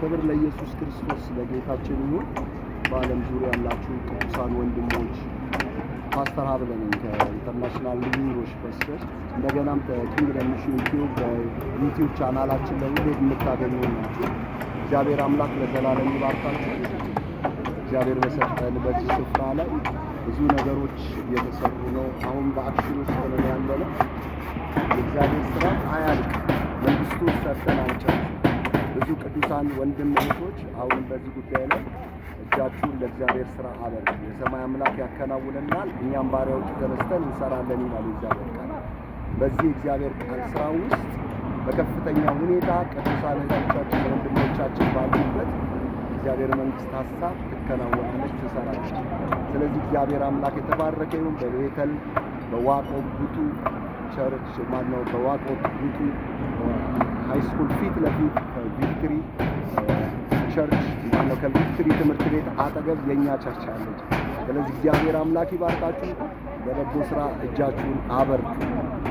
ክብር ለኢየሱስ ክርስቶስ ለጌታችን ይሁን። በዓለም ዙሪያ ያላችሁ ቅዱሳን ወንድሞች ፓስተር ሀብለን ከኢንተርናሽናል ልዩ ሮሽ ፓስተር። እንደገናም ከኪንግደም ሚሽን ዩቲዩብ በዩቲዩብ ቻናላችን ላይ ሁሌ የምታገኙ ናችሁ። እግዚአብሔር አምላክ ለዘላለም ይባርካችሁ። እግዚአብሔር በሰጠን በዚህ ስፍራ ላይ ብዙ ነገሮች እየተሰሩ ነው። አሁን በአክሽን ውስጥ ነው ያለነው። የእግዚአብሔር ስራ አያልቅ መንግስቱ ሰጠን አንጨርስ ብዙ ቅዱሳን ወንድም እህቶች አሁን በዚህ ጉዳይ ላይ እጃችሁን ለእግዚአብሔር ስራ አበል የሰማይ አምላክ ያከናውንናል፣ እኛም ባሪያዎች ተነስተን እንሰራለን ይላል እግዚአብሔር ቃል። በዚህ እግዚአብሔር ቃል ስራ ውስጥ በከፍተኛ ሁኔታ ቅዱሳን እህቶቻችን ወንድሞቻችን ባሉበት እግዚአብሔር መንግስት ሀሳብ ትከናወናለች፣ ትሰራለች። ስለዚህ እግዚአብሔር አምላክ የተባረከ ይሁን። በቤተል በዋቆ ጉቱ ቸርች ማነው በዋቆ ጉቱ ሃይስኩል ፊት ለፊት ቪክትሪ ቸርች ማነው ከቪክትሪ ትምህርት ቤት አጠገብ የእኛ ቸርች አለች። ስለዚህ እግዚአብሔር አምላክ ይባርካችሁ፣ በበጎ ስራ እጃችሁን አበርቱ።